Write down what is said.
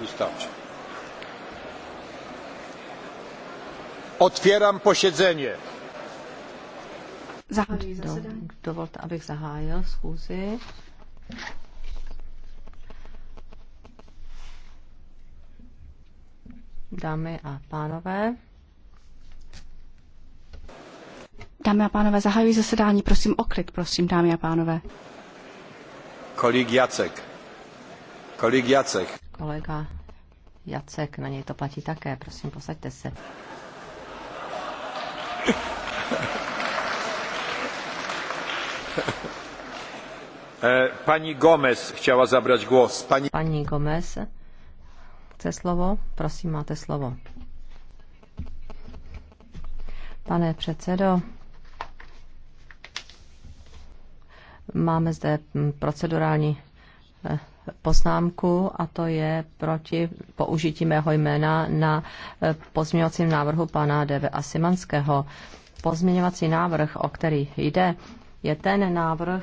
Wystarczy. Eh, Otvírám posiedzenie. zasedání. Dovolte, abych zahájil schůzi. Dámy a pánové. Dámy a pánové, zahajuji zasedání. Prosím o klid, prosím, dámy a pánové. Kolik Jacek. Kolik Jacek. Kolega Jacek, na něj to platí také. Prosím, posaďte se. E, pani Gomez chtěla zabrać głos. Pani... Pani Gomez chce slovo? Prosím, máte slovo. Pane předsedo, máme zde procedurální e, poznámku a to je proti použití mého jména na eh, pozměňovacím návrhu pana Deve Asimanského. Pozměňovací návrh, o který jde, je ten návrh,